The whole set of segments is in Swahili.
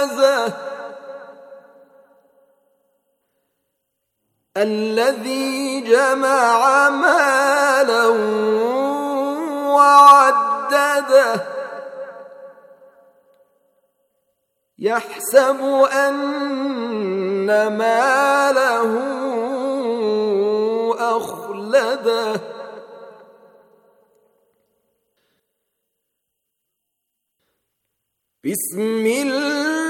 هذا الذي جمع مالا وعدده يحسب أن ماله أخلده بسم الله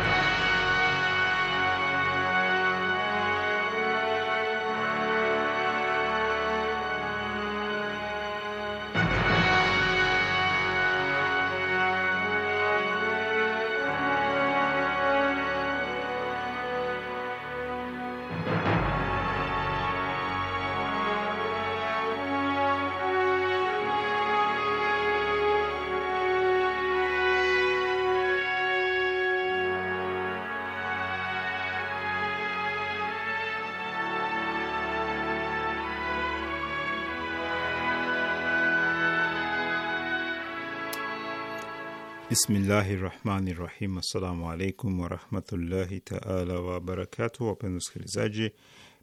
Bismillahi rahmani rahim. Assalamu alaikum warahmatullahi taala wabarakatuh. Wapenzi wasikilizaji,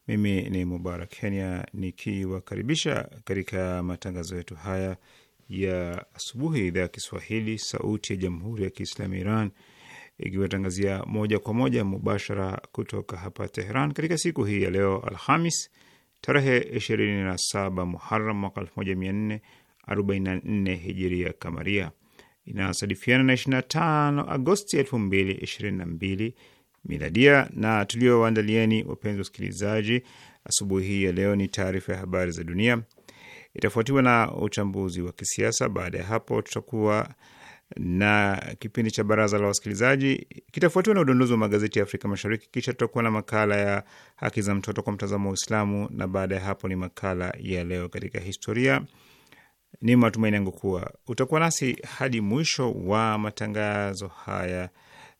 mimi ni Mubarak Kenya nikiwakaribisha katika matangazo yetu haya ya asubuhi ya idhaa ya Kiswahili sauti ya jamhuri ya Kiislamu Iran ikiwatangazia moja kwa moja mubashara kutoka hapa Tehran katika siku hii ya leo Alhamis tarehe 27 muharam mwaka 1444 hijiria kamaria inayosadifiana na 25 Agosti 2022 miladia. Na tuliowaandalieni wapenzi wasikilizaji, asubuhi hii ya leo ni taarifa ya habari za dunia, itafuatiwa na uchambuzi wa kisiasa. Baada ya hapo, tutakuwa na kipindi cha baraza la wasikilizaji, kitafuatiwa na udondozi wa magazeti ya Afrika Mashariki, kisha tutakuwa na makala ya haki za mtoto kwa mtazamo wa Uislamu, na baada ya hapo ni makala ya leo katika historia ni matumaini yangu kuwa utakuwa nasi hadi mwisho wa matangazo haya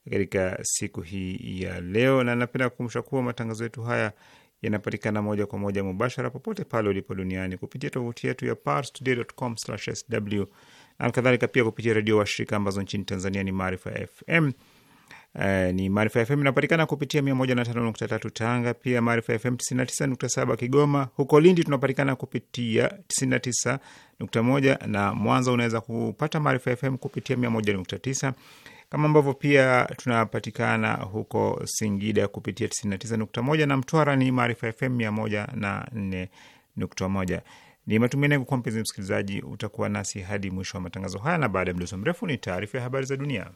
katika siku hii ya leo, na napenda kukumbusha kuwa matangazo yetu haya yanapatikana moja kwa moja mubashara popote pale ulipo duniani kupitia tovuti yetu ya parstoday.com/sw, alkadhalika pia kupitia redio washirika ambazo nchini Tanzania ni Maarifa FM Uh, ni Maarifa FM inapatikana kupitia 105.3 Tanga, pia Maarifa FM 99.7 Kigoma. Huko Lindi tunapatikana kupitia 99.1 na Mwanza unaweza kupata Maarifa FM kupitia 101.9, kama ambavyo pia tunapatikana huko Singida kupitia 99.1 na Mtwara ni Maarifa FM 104.1. Ni matumaini yangu kuwa mpenzi msikilizaji utakuwa nasi hadi mwisho wa matangazo haya, na baada ya mdoso mrefu ni taarifa ya habari za dunia.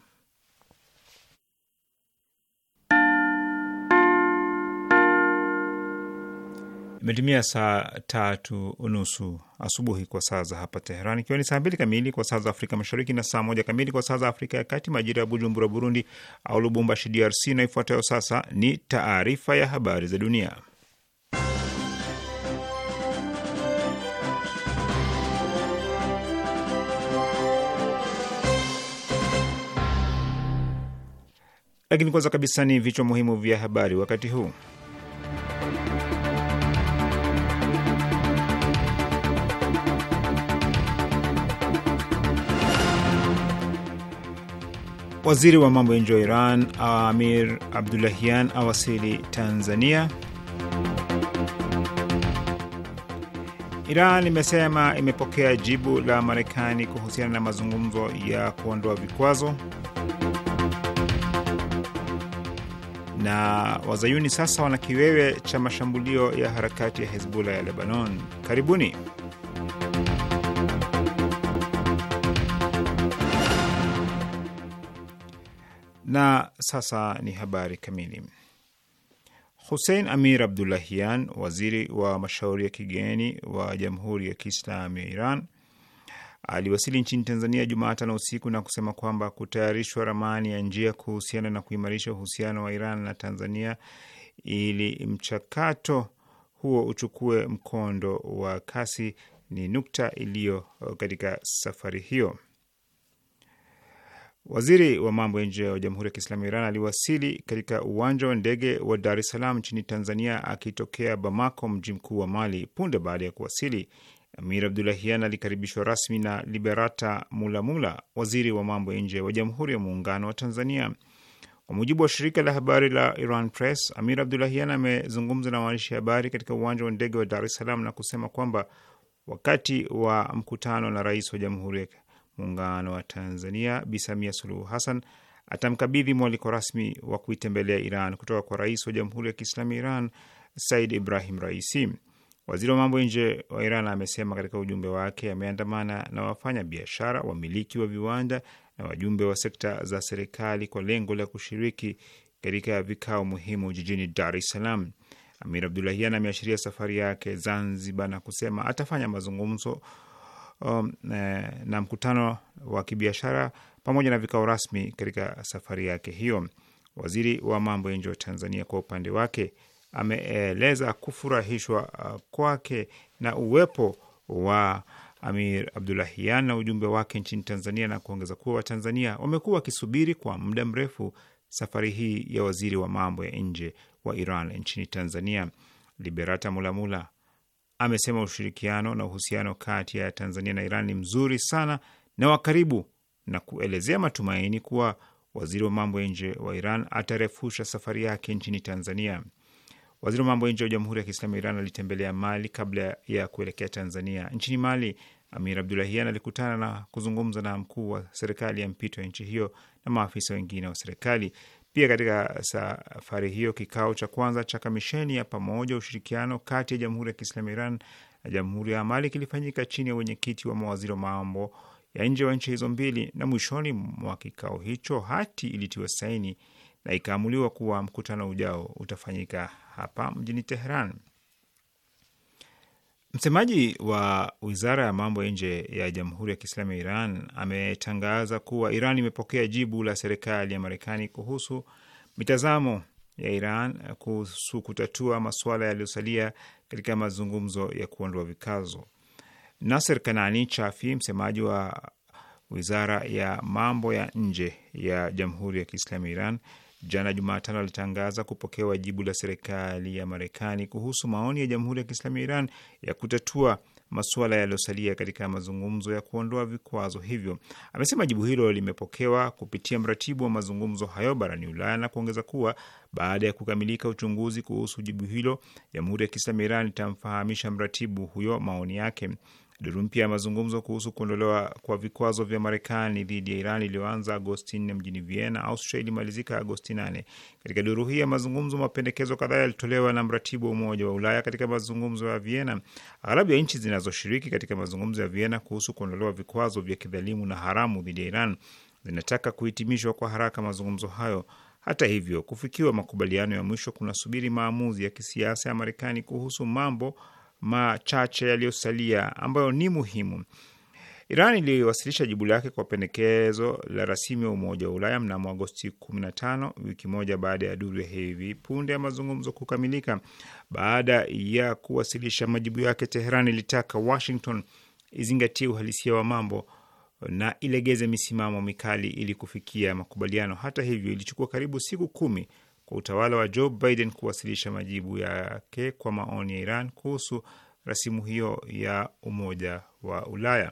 Imetimia saa tatu unusu asubuhi kwa saa za hapa Teheran, ikiwa ni saa mbili kamili kwa saa za Afrika Mashariki na saa moja kamili kwa saa za Afrika ya Kati, majira ya Bujumbura, Burundi, au Lubumbashi, DRC. Na ifuatayo sasa ni taarifa ya habari za dunia, lakini kwanza kabisa ni vichwa muhimu vya habari wakati huu. Waziri wa mambo ya nje wa Iran Amir Abdulahian awasili Tanzania. Iran imesema imepokea jibu la Marekani kuhusiana na mazungumzo ya kuondoa vikwazo. Na wazayuni sasa wana kiwewe cha mashambulio ya harakati ya Hezbollah ya Lebanon. Karibuni. Na sasa ni habari kamili. Hussein Amir Abdullahian, waziri wa mashauri ya kigeni wa Jamhuri ya Kiislamu ya Iran, aliwasili nchini Tanzania Jumatano usiku na kusema kwamba kutayarishwa ramani ya njia kuhusiana na kuimarisha uhusiano wa Iran na Tanzania ili mchakato huo uchukue mkondo wa kasi ni nukta iliyo katika safari hiyo. Waziri wa mambo ya nje wa Jamhuri ya Kiislamu ya Iran aliwasili katika uwanja wa ndege wa Dar es Salaam nchini Tanzania akitokea Bamako, mji mkuu wa Mali. Punde baada ya kuwasili, Amir Abdulahian alikaribishwa rasmi na Liberata Mulamula, waziri wa mambo ya nje wa Jamhuri ya Muungano wa Tanzania. Kwa mujibu wa shirika la habari la Iran Press, Amir Abdulahian amezungumza na waandishi habari katika uwanja wa ndege wa Dar es Salaam na kusema kwamba wakati wa mkutano na rais wa Jamhuri muungano wa Tanzania Bi Samia Suluhu Hassan atamkabidhi mwaliko rasmi wa kuitembelea Iran kutoka kwa rais wa Jamhuri ya Kiislami Iran Said Ibrahim Raisi. Waziri wa mambo ya nje wa Iran amesema katika ujumbe wake ameandamana na wafanya biashara, wamiliki wa viwanda na wajumbe wa sekta za serikali kwa lengo la kushiriki katika vikao muhimu jijini Dar es Salaam. Amir Abdulahian ameashiria safari yake Zanzibar na kusema atafanya mazungumzo um, eh, na mkutano wa kibiashara pamoja na vikao rasmi katika safari yake hiyo. Waziri wa mambo ya nje wa Tanzania kwa upande wake ameeleza kufurahishwa uh, kwake na uwepo wa Amir Abdulahian na ujumbe wake nchini Tanzania na kuongeza kuwa Watanzania wamekuwa wakisubiri kwa muda mrefu safari hii ya waziri wa mambo ya nje wa Iran nchini Tanzania. Liberata Mulamula amesema ushirikiano na uhusiano kati ya Tanzania na Iran ni mzuri sana na wa karibu, na kuelezea matumaini kuwa waziri wa mambo ya nje wa Iran atarefusha safari yake nchini Tanzania. Waziri wa mambo ya nje wa Jamhuri ya Kiislamu ya Iran alitembelea Mali kabla ya kuelekea Tanzania. Nchini Mali, Amir Abdulahian alikutana na kuzungumza na mkuu wa serikali ya mpito ya nchi hiyo na maafisa wengine wa serikali. Pia katika safari hiyo kikao cha kwanza cha kamisheni ya pamoja ushirikiano kati ya Jamhuri ya Kiislamu Iran na Jamhuri ya Mali kilifanyika chini ya wenyekiti wa mawaziri wa mambo ya nje wa nchi hizo mbili, na mwishoni mwa kikao hicho hati ilitiwa saini na ikaamuliwa kuwa mkutano ujao utafanyika hapa mjini Teheran. Msemaji wa wizara ya mambo ya nje ya Jamhuri ya Kiislamu ya Iran ametangaza kuwa Iran imepokea jibu la serikali ya Marekani kuhusu mitazamo ya Iran kuhusu kutatua masuala yaliyosalia katika mazungumzo ya kuondoa vikazo. Nasser Kanani Chafi, msemaji wa wizara ya mambo ya nje ya Jamhuri ya Kiislamu ya Iran, jana Jumatano alitangaza kupokewa jibu la serikali ya Marekani kuhusu maoni ya Jamhuri ya Kiislamu ya Iran ya kutatua masuala yaliyosalia katika mazungumzo ya kuondoa vikwazo hivyo. Amesema jibu hilo limepokewa kupitia mratibu wa mazungumzo hayo barani Ulaya na kuongeza kuwa baada ya kukamilika uchunguzi kuhusu jibu hilo, Jamhuri ya Kiislamu ya Iran itamfahamisha mratibu huyo maoni yake. Duru mpya ya mazungumzo kuhusu kuondolewa kwa vikwazo vya Marekani dhidi ya Iran iliyoanza Agosti 4 mjini Vienna, Austria, ilimalizika Agosti 8. Katika duru hii ya mazungumzo, mapendekezo kadhaa yalitolewa na mratibu wa Umoja wa Ulaya katika mazungumzo ya Vienna. Aghalabu ya nchi zinazoshiriki katika mazungumzo ya Vienna kuhusu kuondolewa vikwazo vya kidhalimu na haramu dhidi ya Iran zinataka kuhitimishwa kwa haraka mazungumzo hayo. Hata hivyo, kufikiwa makubaliano ya mwisho kunasubiri maamuzi ya kisiasa ya Marekani kuhusu mambo machache yaliyosalia ambayo ni muhimu. Iran iliwasilisha jibu lake kwa pendekezo la rasimu ya Umoja wa Ulaya mnamo Agosti 15, wiki moja baada ya duru ya hivi punde ya mazungumzo kukamilika. Baada ya kuwasilisha majibu yake, Teheran ilitaka Washington izingatie uhalisia wa mambo na ilegeze misimamo mikali ili kufikia makubaliano. Hata hivyo, ilichukua karibu siku kumi kwa utawala wa Joe Biden kuwasilisha majibu yake kwa maoni ya Iran kuhusu rasimu hiyo ya Umoja wa Ulaya.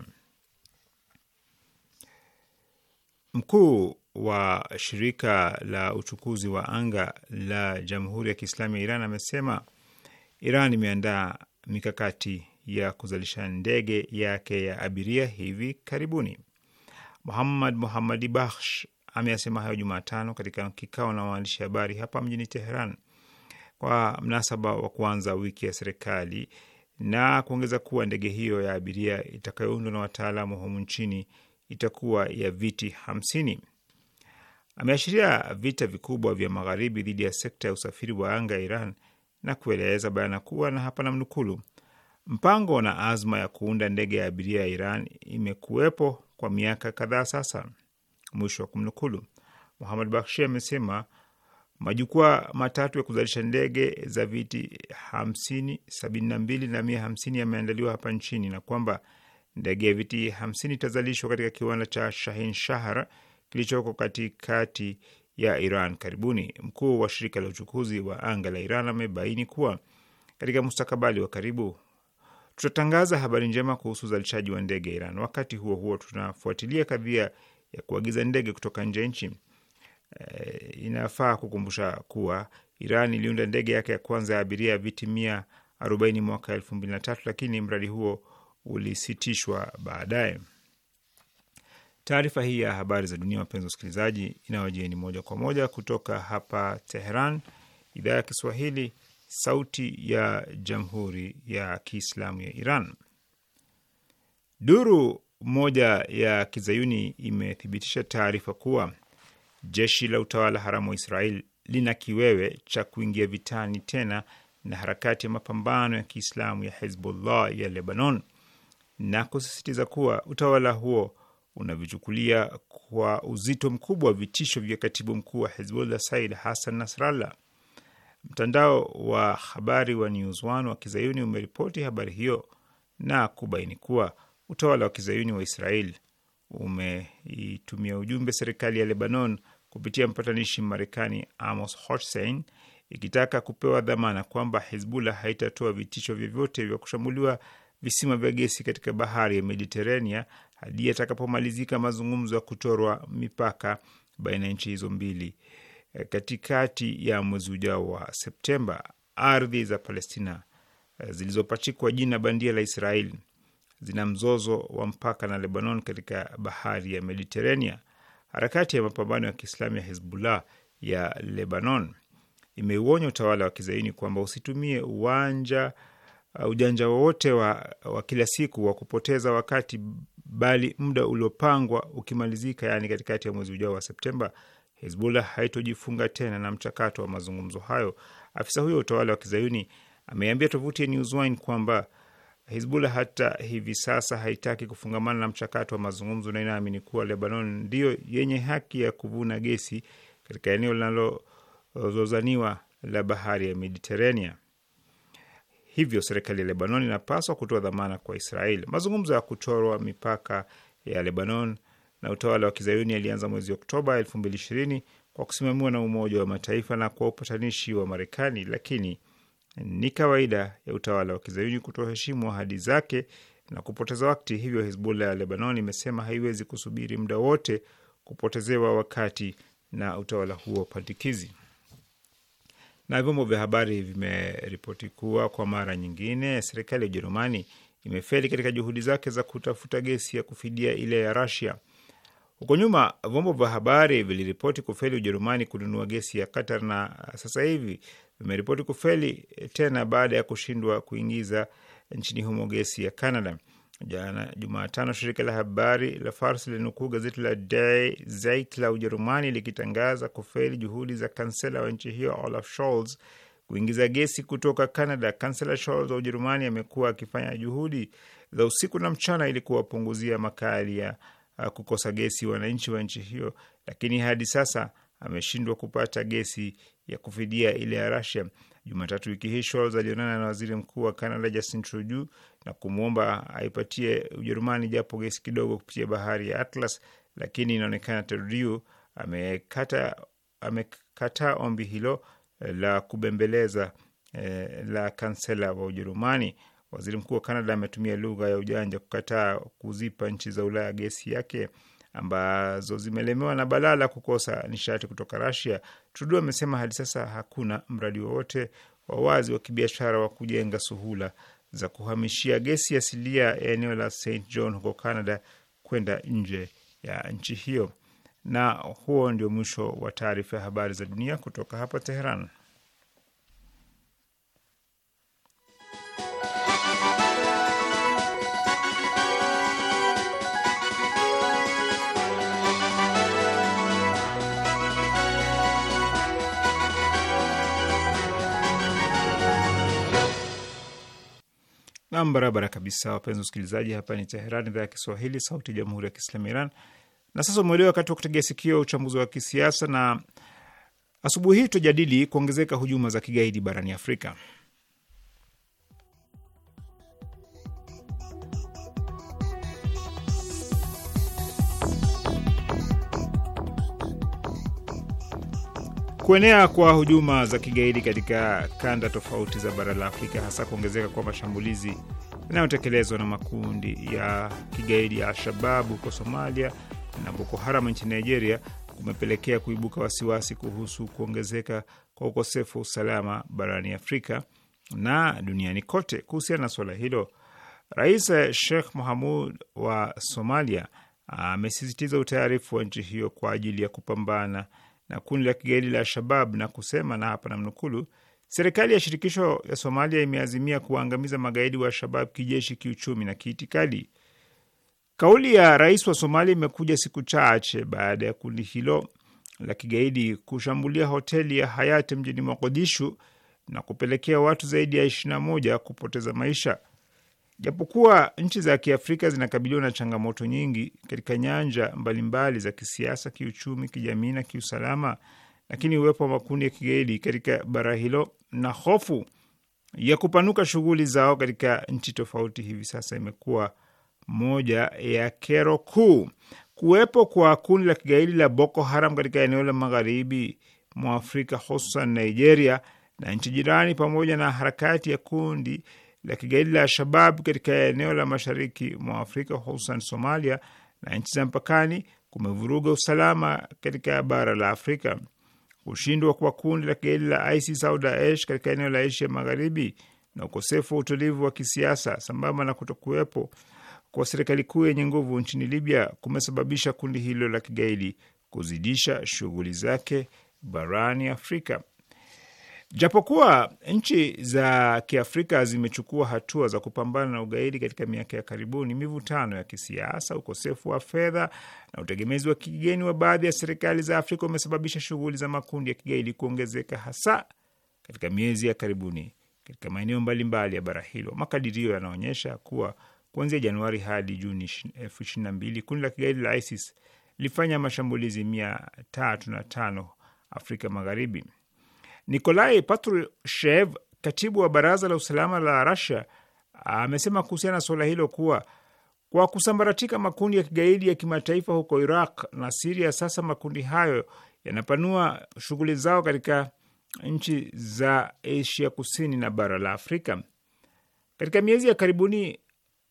Mkuu wa shirika la uchukuzi wa anga la Jamhuri ya Kiislamu ya Iran amesema Iran imeandaa mikakati ya kuzalisha ndege yake ya abiria hivi karibuni. Muhammad Muhammadi Bakhsh ameyasema hayo Jumatano katika kikao na waandishi habari hapa mjini Teheran kwa mnasaba wa kuanza wiki ya serikali na kuongeza kuwa ndege hiyo ya abiria itakayoundwa na wataalamu humu nchini itakuwa ya viti hamsini. Ameashiria vita vikubwa vya magharibi dhidi ya sekta ya usafiri wa anga ya Iran na kueleza bayana kuwa na hapa na mnukulu, mpango na azma ya kuunda ndege ya abiria ya Iran imekuwepo kwa miaka kadhaa sasa mwisho wa kumnukulu. Muhamad Bakshi amesema majukwaa matatu ya kuzalisha ndege za viti hamsini, sabini na mbili na mia hamsini yameandaliwa hapa nchini na kwamba ndege ya viti hamsini itazalishwa katika kiwanda cha Shahin Shahar kilichoko katikati ya Iran karibuni. Mkuu wa shirika la uchukuzi wa anga la Iran amebaini kuwa katika mustakabali wa karibu tutatangaza habari njema kuhusu uzalishaji wa ndege ya Iran. Wakati huo huo, tunafuatilia kadhia ya kuagiza ndege kutoka nje ya nchi. E, inafaa kukumbusha kuwa Iran iliunda ndege yake ya kwanza ya abiria viti mia arobaini mwaka elfu mbili na tatu lakini mradi huo ulisitishwa baadaye. Taarifa hii ya habari za dunia, wapenzi wasikilizaji, inayojieni moja kwa moja kutoka hapa Teheran, idhaa ya Kiswahili, sauti ya jamhuri ya kiislamu ya Iran. Duru moja ya kizayuni imethibitisha taarifa kuwa jeshi la utawala haramu wa Israel lina kiwewe cha kuingia vitani tena na harakati ya mapambano ya Kiislamu ya Hezbollah ya Lebanon na kusisitiza kuwa utawala huo unavichukulia kwa uzito mkubwa vitisho vya katibu mkuu wa Hezbollah Said Hassan Nasrallah. Mtandao wa habari wa News One wa kizayuni umeripoti habari hiyo na kubaini kuwa Utawala wa kizayuni wa Israel umeitumia ujumbe serikali ya Lebanon kupitia mpatanishi Marekani Amos Hochstein ikitaka kupewa dhamana kwamba Hizbullah haitatoa vitisho vyovyote vya kushambuliwa visima vya gesi katika bahari ya Mediterania hadi yatakapomalizika mazungumzo ya kutorwa mipaka baina ya nchi hizo mbili eh, katikati ya mwezi ujao wa Septemba. Ardhi za Palestina eh, zilizopachikwa jina bandia la Israeli zina mzozo wa mpaka na Lebanon katika bahari ya Mediterania. Harakati ya mapambano ya Kiislamu ya Hezbollah ya Lebanon imeuonya utawala wa kizaini kwamba usitumie uwanja uh, ujanja wowote wa, wa kila siku wa kupoteza wakati, bali muda uliopangwa ukimalizika, yaani katikati ya mwezi ujao wa Septemba, Hezbollah haitojifunga tena na mchakato wa mazungumzo hayo. Afisa huyo utawala wa kizayuni ameambia tovuti ya kwamba Hizbullah hata hivi sasa haitaki kufungamana na mchakato wa mazungumzo na inaamini kuwa Lebanon ndiyo yenye haki ya kuvuna gesi katika eneo linalozozaniwa la bahari ya Mediterania. Hivyo serikali ya Lebanon inapaswa kutoa dhamana kwa Israeli. Mazungumzo ya kuchorwa mipaka ya Lebanon na utawala wa kizayuni yalianza mwezi Oktoba 220 kwa kusimamiwa na Umoja wa Mataifa na kwa upatanishi wa Marekani, lakini ni kawaida ya utawala wa kizayuni kutoheshimu ahadi zake na kupoteza wakati. Hivyo Hizbullah ya Lebanon imesema haiwezi kusubiri muda wote kupotezewa wakati na utawala huo pandikizi. Na vyombo vya habari vimeripoti kuwa kwa mara nyingine serikali ya Ujerumani imefeli katika juhudi zake za kutafuta gesi ya kufidia ile ya Rasia. Huko nyuma vyombo vya habari viliripoti kufeli Ujerumani kununua gesi ya Qatar, na sasa hivi vimeripoti kufeli eh, tena baada ya kushindwa kuingiza nchini humo gesi ya Canada. Jana Jumatano, shirika la habari la Fars lilinukuu gazeti la Der Zeit la Ujerumani likitangaza kufeli juhudi za kansela wa nchi hiyo Olaf Scholz kuingiza gesi kutoka Canada. Kansela Scholz wa Ujerumani amekuwa akifanya juhudi za usiku na mchana ili kuwapunguzia makali ya eh, kukosa gesi wananchi wa nchi hiyo, lakini hadi sasa ameshindwa kupata gesi ya kufidia ile ya Rasia. Jumatatu wiki hii Scholz alionana na waziri mkuu wa Canada Justin Trudeau na kumwomba aipatie Ujerumani japo gesi kidogo kupitia bahari ya Atlas, lakini inaonekana Trudeau amekata amekataa ombi hilo la kubembeleza eh, la kansela wa Ujerumani. Waziri mkuu wa Canada ametumia lugha ya ujanja kukataa kuzipa nchi za Ulaya gesi yake ambazo zimelemewa na balaa la kukosa nishati kutoka Rasia. Trudeau amesema hadi sasa hakuna mradi wowote wa wazi wa kibiashara wa kujenga suhula za kuhamishia gesi asilia ya eneo la St John huko Canada kwenda nje ya nchi hiyo. Na huo ndio mwisho wa taarifa ya habari za dunia kutoka hapa Teheran. Nam, barabara kabisa, wapenzi wasikilizaji, hapa ni Teheran, idhaa ya Kiswahili, sauti ya jamhuri ya kiislamu Iran. Na sasa umeelewa wakati wa kutegea sikio uchambuzi wa kisiasa, na asubuhi hii tutajadili kuongezeka hujuma za kigaidi barani Afrika. Kuenea kwa hujuma za kigaidi katika kanda tofauti za bara la Afrika, hasa kuongezeka kwa mashambulizi yanayotekelezwa na makundi ya kigaidi ya al huko Somalia na Boko Haram nchini Nigeria kumepelekea kuibuka wasiwasi kuhusu kuongezeka kwa ukosefu wa usalama barani Afrika na duniani kote. Kuhusiana na suala hilo, Rais Sheikh Mohamud wa Somalia amesisitiza utayarifu wa nchi hiyo kwa ajili ya kupambana na kundi la kigaidi la Al-Shabab na kusema, na hapa namnukulu, serikali ya shirikisho ya Somalia imeazimia kuwaangamiza magaidi wa Al-Shabab kijeshi, kiuchumi na kiitikadi. Kauli ya rais wa Somalia imekuja siku chache baada ya kundi hilo la kigaidi kushambulia hoteli ya Hayati mjini Mogadishu na kupelekea watu zaidi ya 21 kupoteza maisha. Japokuwa nchi za Kiafrika zinakabiliwa na changamoto nyingi katika nyanja mbalimbali mbali za kisiasa, kiuchumi, kijamii na kiusalama, lakini uwepo wa makundi ya kigaidi katika bara hilo na hofu ya kupanuka shughuli zao katika nchi tofauti hivi sasa imekuwa moja ya kero kuu. Kuwepo kwa kundi la kigaidi la Boko Haram katika eneo la magharibi mwa Afrika, hususan Nigeria na nchi jirani, pamoja na harakati ya kundi la kigaidi la Al-Shabab katika eneo la mashariki mwa Afrika, hususan Somalia na nchi za mpakani kumevuruga usalama katika bara la Afrika. Kushindwa kwa kundi la kigaidi la ISIS au Daesh katika eneo la Asia Magharibi na ukosefu wa utulivu wa kisiasa sambamba na kutokuwepo kwa serikali kuu yenye nguvu nchini Libya kumesababisha kundi hilo la kigaidi kuzidisha shughuli zake barani Afrika. Japokuwa nchi za Kiafrika zimechukua hatua za kupambana na ugaidi katika miaka ya karibuni, mivutano ya kisiasa, ukosefu wa fedha na utegemezi wa kigeni wa baadhi ya serikali za Afrika umesababisha shughuli za makundi ya kigaidi kuongezeka, hasa katika miezi ya karibuni katika maeneo mbalimbali ya bara hilo. Makadirio yanaonyesha kuwa kuanzia Januari hadi Juni 22 kundi la kigaidi la ISIS lilifanya mashambulizi mia Afrika Magharibi. Nikolai Patrushev, katibu wa baraza la usalama la Rasia, amesema kuhusiana na suala hilo kuwa kwa kusambaratika makundi ya kigaidi ya kimataifa huko Iraq na Siria, sasa makundi hayo yanapanua shughuli zao katika nchi za Asia kusini na bara la Afrika. Katika miezi ya karibuni,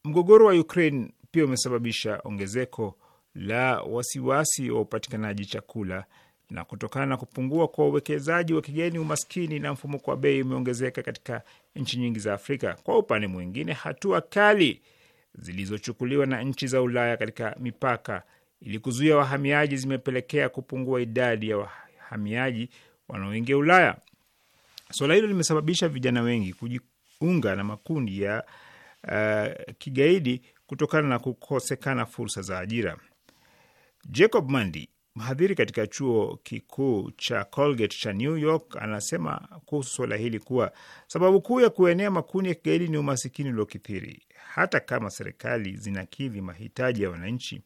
mgogoro wa Ukraine pia umesababisha ongezeko la wasiwasi wa upatikanaji chakula na kutokana na kupungua kwa uwekezaji wa kigeni, umaskini na mfumuko wa bei umeongezeka katika nchi nyingi za Afrika. Kwa upande mwingine, hatua kali zilizochukuliwa na nchi za Ulaya katika mipaka ili kuzuia wahamiaji zimepelekea kupungua idadi ya wahamiaji wanaoingia Ulaya. Suala hilo limesababisha vijana wengi kujiunga na makundi ya uh, kigaidi kutokana na kukosekana fursa za ajira. Jacob Mandi Mhadhiri katika chuo kikuu cha Colgate cha New York anasema kuhusu suala hili kuwa sababu kuu ya kuenea makundi ya kigaidi ni umasikini uliokithiri. Hata kama serikali zinakidhi mahitaji ya wananchi,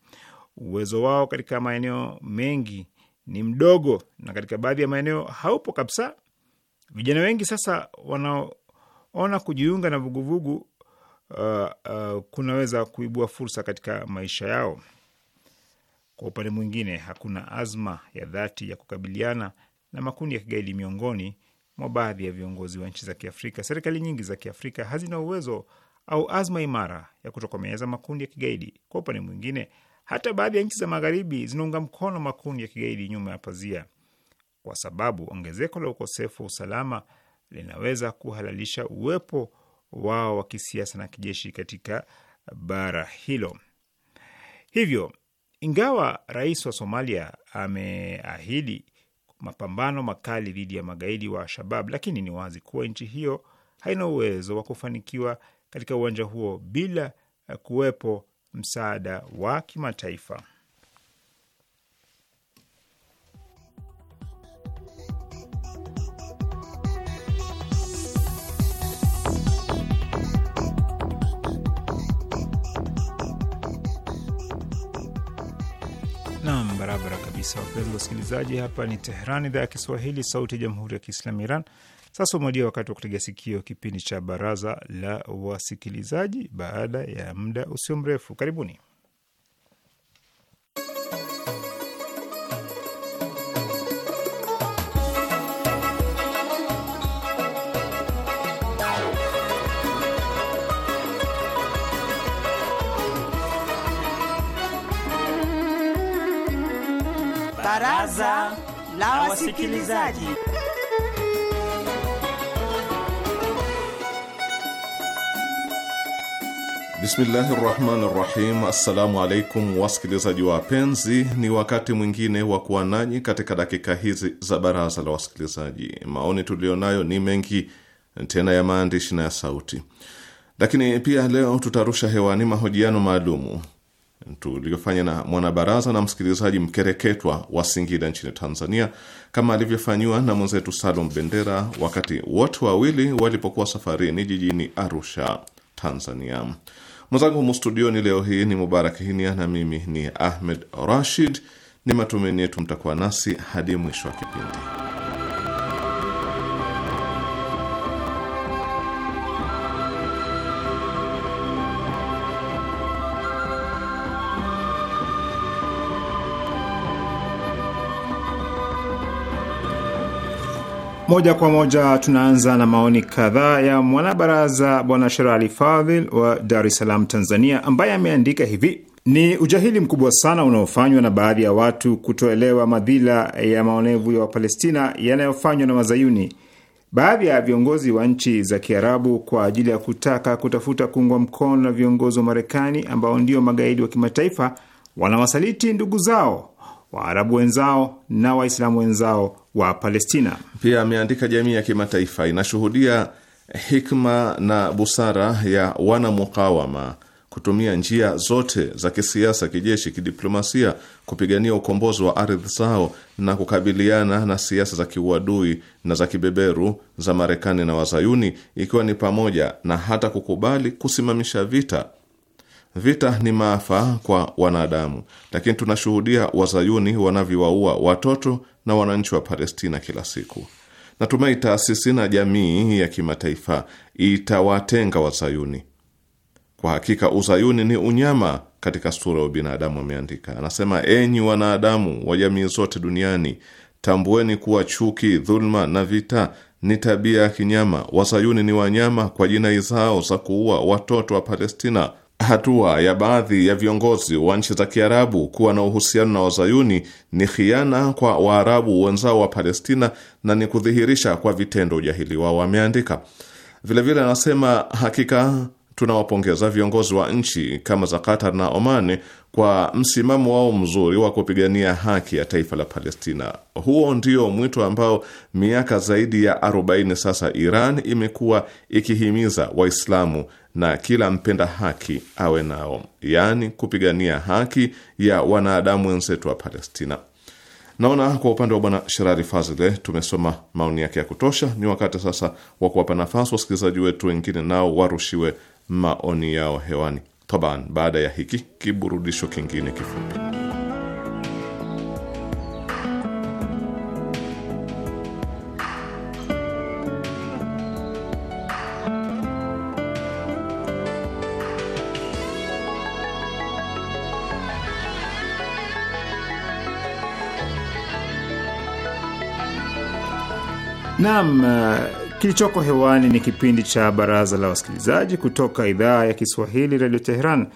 uwezo wao katika maeneo mengi ni mdogo, na katika baadhi ya maeneo haupo kabisa. Vijana wengi sasa wanaona kujiunga na vuguvugu uh, uh, kunaweza kuibua fursa katika maisha yao. Kwa upande mwingine, hakuna azma ya dhati ya kukabiliana na makundi ya kigaidi miongoni mwa baadhi ya viongozi wa nchi za Kiafrika. Serikali nyingi za Kiafrika hazina uwezo au azma imara ya kutokomeza makundi ya kigaidi. Kwa upande mwingine, hata baadhi ya nchi za Magharibi zinaunga mkono makundi ya kigaidi nyuma ya pazia, kwa sababu ongezeko la ukosefu wa usalama linaweza kuhalalisha uwepo wao wa kisiasa na kijeshi katika bara hilo. Hivyo ingawa rais wa Somalia ameahidi mapambano makali dhidi ya magaidi wa Al-Shabab, lakini ni wazi kuwa nchi hiyo haina uwezo wa kufanikiwa katika uwanja huo bila kuwepo msaada wa kimataifa. barabara kabisa. Wapenzi wasikilizaji, hapa ni Teheran, idhaa ya Kiswahili, sauti ya jamhuri ya kiislamu Iran. Sasa umewadia wakati wa kutega sikio kipindi cha baraza la wasikilizaji, baada ya muda usio mrefu. Karibuni. baraza la wasikilizaji. Bismillahi rahmani rahim. Assalamu alaikum wasikilizaji wapenzi, ni wakati mwingine wa kuwa nanyi katika dakika hizi za baraza la wasikilizaji. Maoni tuliyonayo ni mengi, tena ya maandishi na ya sauti, lakini pia leo tutarusha hewani mahojiano maalumu tuliyofanya na mwanabaraza na msikilizaji mkereketwa wa Singida nchini Tanzania, kama alivyofanyiwa na mwenzetu Salum Bendera wakati wote wawili walipokuwa safarini jijini Arusha, Tanzania. Mwenzangu humu studioni leo hii ni Mubarak Hinia na mimi ni Ahmed Rashid. Ni matumaini yetu mtakuwa nasi hadi mwisho wa kipindi. Moja kwa moja tunaanza na maoni kadhaa ya mwanabaraza Bwana Sherali Fadhil wa Dar es Salaam, Tanzania, ambaye ameandika hivi: ni ujahili mkubwa sana unaofanywa na baadhi ya watu kutoelewa madhila ya maonevu ya Wapalestina yanayofanywa na Wazayuni. Baadhi ya viongozi wa nchi za Kiarabu kwa ajili ya kutaka kutafuta kuungwa mkono na viongozi wa Marekani ambao ndio magaidi wa kimataifa, wanawasaliti ndugu zao Waarabu wenzao na Waislamu wenzao wa Palestina. Pia ameandika, jamii ya kimataifa inashuhudia hikma na busara ya wanamukawama kutumia njia zote za kisiasa, kijeshi, kidiplomasia kupigania ukombozi wa ardhi zao na kukabiliana na siasa za kiuadui na za kibeberu za Marekani na Wazayuni, ikiwa ni pamoja na hata kukubali kusimamisha vita Vita ni maafa kwa wanadamu, lakini tunashuhudia wazayuni wanavyowaua watoto na wananchi wa Palestina kila siku. Natumai taasisi na jamii ya kimataifa itawatenga wazayuni. Kwa hakika uzayuni ni unyama katika sura ya ubinadamu, ameandika. Anasema, enyi wanadamu wa jamii zote duniani, tambueni kuwa chuki, dhuluma na vita ni tabia ya kinyama. Wazayuni ni wanyama kwa jinai zao za kuua watoto wa Palestina Hatua ya baadhi ya viongozi wa nchi za Kiarabu kuwa na uhusiano na Wazayuni ni khiana kwa Waarabu wenzao wa Palestina na ni kudhihirisha kwa vitendo ujahili wao, wameandika. Vilevile anasema hakika tunawapongeza viongozi wa nchi kama za Qatar na Oman kwa msimamo wao mzuri wa kupigania haki ya taifa la Palestina. Huo ndio mwito ambao miaka zaidi ya 40 sasa Iran imekuwa ikihimiza Waislamu na kila mpenda haki awe nao, yaani kupigania haki ya wanadamu wenzetu wa Palestina. Naona kwa upande wa Bwana Sherari Fazile tumesoma maoni yake ya kutosha. Ni wakati sasa wa kuwapa nafasi wasikilizaji wetu wengine nao warushiwe maoni yao hewani taban. Baada ya hiki kiburudisho kingine kifupi. Naam. Eh, Kilichoko hewani ni kipindi cha Baraza la Wasikilizaji kutoka idhaa ya Kiswahili, Redio Teheran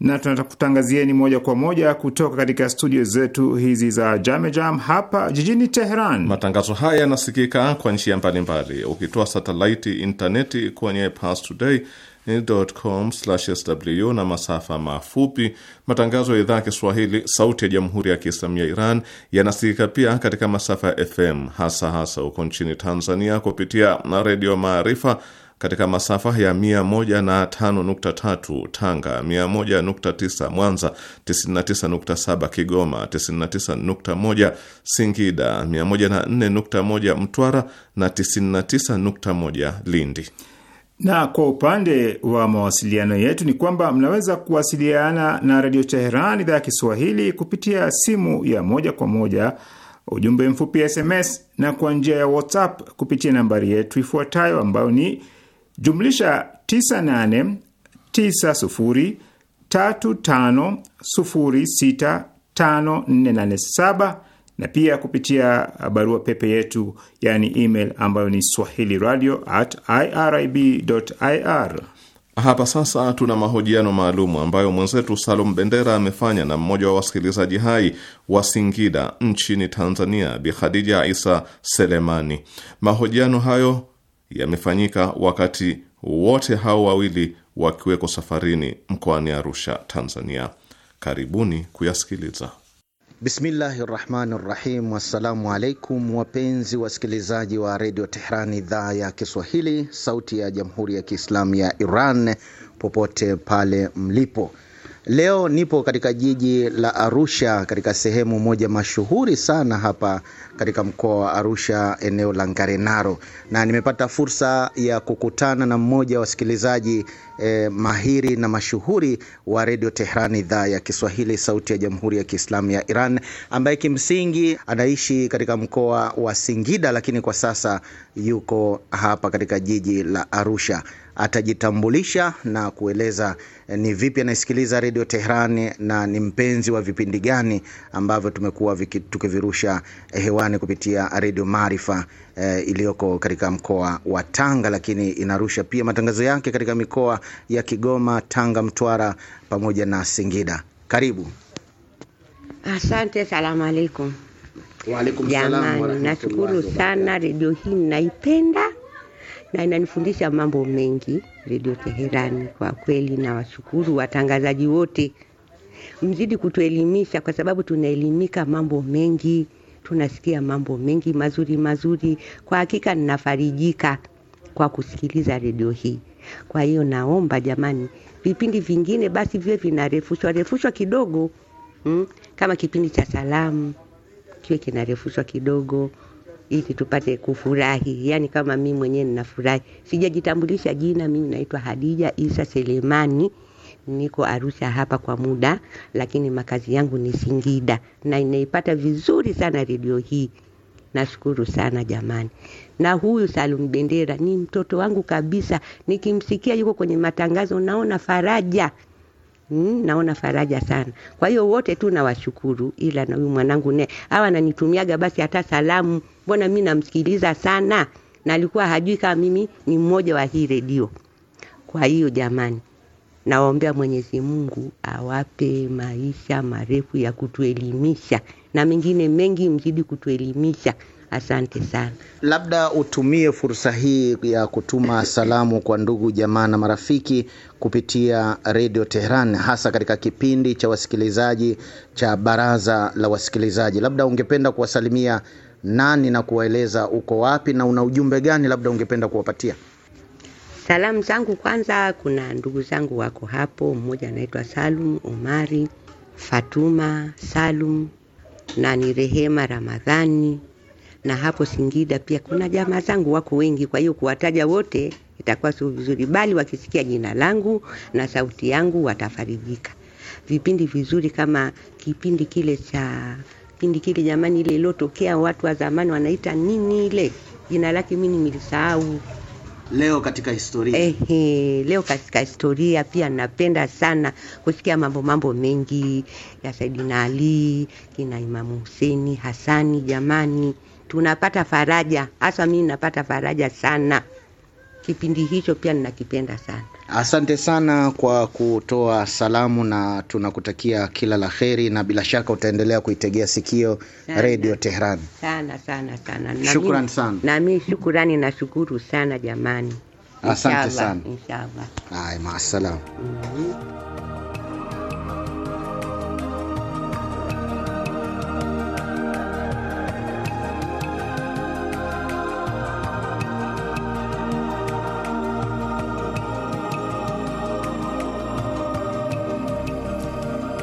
na tunatakutangazieni moja kwa moja kutoka katika studio zetu hizi za Jamejam hapa jijini Teheran. Matangazo haya yanasikika kwa njia mbalimbali, ukitoa satelaiti, intaneti kwenye parstoday.com/sw na masafa mafupi. Matangazo ya idhaa ya Kiswahili, sauti ya jamhuri ya kiislamia Iran yanasikika pia katika masafa ya FM, hasa hasa huko nchini Tanzania kupitia Redio Maarifa katika masafa ya 105.3 Tanga, 101.9 Mwanza, 99.7 Kigoma, 99.1 Singida, 104.1 Mtwara na 99.1 Lindi. Na kwa upande wa mawasiliano yetu ni kwamba mnaweza kuwasiliana na Redio Teheran idhaa ya Kiswahili kupitia simu ya moja kwa moja, ujumbe mfupi SMS na kwa njia ya WhatsApp kupitia nambari yetu ifuatayo ambayo ni jumlisha 989035065487 na pia kupitia barua pepe yetu yani email ambayo ni swahili radio at irib ir. Hapa sasa tuna mahojiano maalumu ambayo mwenzetu Salum Bendera amefanya na mmoja wa wasikilizaji hai wa Singida nchini Tanzania, Bi Khadija Isa Selemani. Mahojiano hayo yamefanyika wakati wote hao wawili wakiweko safarini mkoani Arusha, Tanzania. Karibuni kuyasikiliza. Bismillahi rahmani rahim. Wassalamu alaikum wapenzi wasikilizaji wa redio Teherani, idhaa ya Kiswahili, sauti ya jamhuri ya kiislamu ya Iran, popote pale mlipo. Leo nipo katika jiji la Arusha katika sehemu moja mashuhuri sana hapa katika mkoa wa Arusha eneo la Ngarenaro, na nimepata fursa ya kukutana na mmoja wa wasikilizaji eh, mahiri na mashuhuri wa Radio Tehran idhaa ya Kiswahili sauti ya Jamhuri ya Kiislamu ya Iran ambaye kimsingi anaishi katika mkoa wa Singida, lakini kwa sasa yuko hapa katika jiji la Arusha atajitambulisha na kueleza eh, ni vipi anasikiliza redio Tehran na ni mpenzi wa vipindi gani ambavyo tumekuwa tukivirusha eh, hewani kupitia redio Maarifa eh, iliyoko katika mkoa wa Tanga, lakini inarusha pia matangazo yake katika mikoa ya Kigoma, Tanga, Mtwara pamoja na Singida. Karibu. Asante, salamu alaikum. Jamani, nashukuru sana, redio hii naipenda na inanifundisha mambo mengi Redio Teherani kwa kweli, na washukuru watangazaji wote, mzidi kutuelimisha kwa sababu tunaelimika mambo mengi, tunasikia mambo mengi mazuri mazuri. Kwa hakika ninafarijika kwa kusikiliza redio hii. Kwa hiyo naomba jamani, vipindi vingine basi viwe vinarefushwa refushwa kidogo mm, kama kipindi cha salamu kiwe kinarefushwa kidogo ili tupate kufurahi. Yani kama mimi mwenyewe ninafurahi, sijajitambulisha jina. Mimi naitwa Hadija Isa Selemani, niko Arusha hapa kwa muda, lakini makazi yangu ni Singida na inaipata vizuri sana redio hii. Nashukuru sana jamani. Na huyu Salum Bendera ni mtoto wangu kabisa, nikimsikia yuko kwenye matangazo naona faraja. Mm, naona faraja sana. Kwa hiyo wote tu nawashukuru, ila na huyu mwanangu ne awa ananitumiaga basi hata salamu mbona mi namsikiliza sana na alikuwa hajui kama mimi ni mmoja wa hii redio. Kwa hiyo jamani, nawaombea Mwenyezi Mungu awape maisha marefu ya kutuelimisha na mengine mengi, mzidi kutuelimisha. Asante sana. Labda utumie fursa hii ya kutuma salamu kwa ndugu jamaa na marafiki kupitia Redio tehran hasa katika kipindi cha wasikilizaji cha Baraza la Wasikilizaji. Labda ungependa kuwasalimia nani na kuwaeleza uko wapi na una ujumbe gani labda ungependa kuwapatia? Salamu zangu kwanza, kuna ndugu zangu wako hapo, mmoja anaitwa Salum Omari, Fatuma Salum na ni Rehema Ramadhani, na hapo Singida pia kuna jamaa zangu wako wengi, kwa hiyo kuwataja wote itakuwa sio vizuri, bali wakisikia jina langu na sauti yangu watafarijika. Vipindi vizuri kama kipindi kile cha kipindi kile jamani, ile iliotokea watu wa zamani wanaita nini ile jina lake mimi nimelisahau. Leo katika historia ehe, leo katika historia pia napenda sana kusikia mambo mambo mengi ya Saidina Ali kina Imamu Huseni Hasani. Jamani, tunapata faraja hasa, mimi napata faraja sana kipindi hicho pia ninakipenda sana. Asante sana kwa kutoa salamu na tunakutakia kila la heri, na bila shaka utaendelea kuitegea sikio redio Tehran. Sana sana sana, shukran sana. Na mimi shukurani, nashukuru sana jamani, asante sana. Inshallah. Ay, maasalam mm -hmm.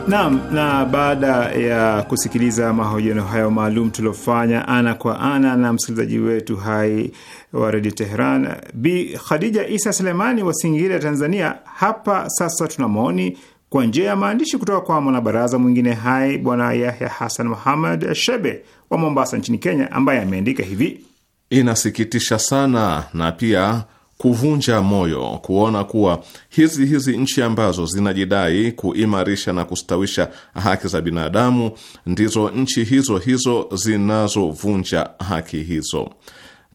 Naam, na baada ya kusikiliza mahojiano hayo maalum tuliofanya ana kwa ana na msikilizaji wetu hai wa redio Teheran, Bi Khadija Isa Selemani wa Singida, Tanzania. Hapa sasa tuna maoni kwa njia ya maandishi kutoka kwa mwanabaraza mwingine hai Bwana Yahya Hasan Muhammad Shebe wa Mombasa nchini Kenya, ambaye ameandika hivi: inasikitisha sana na pia kuvunja moyo kuona kuwa hizi hizi nchi ambazo zinajidai kuimarisha na kustawisha haki za binadamu ndizo nchi hizo hizo zinazovunja haki hizo,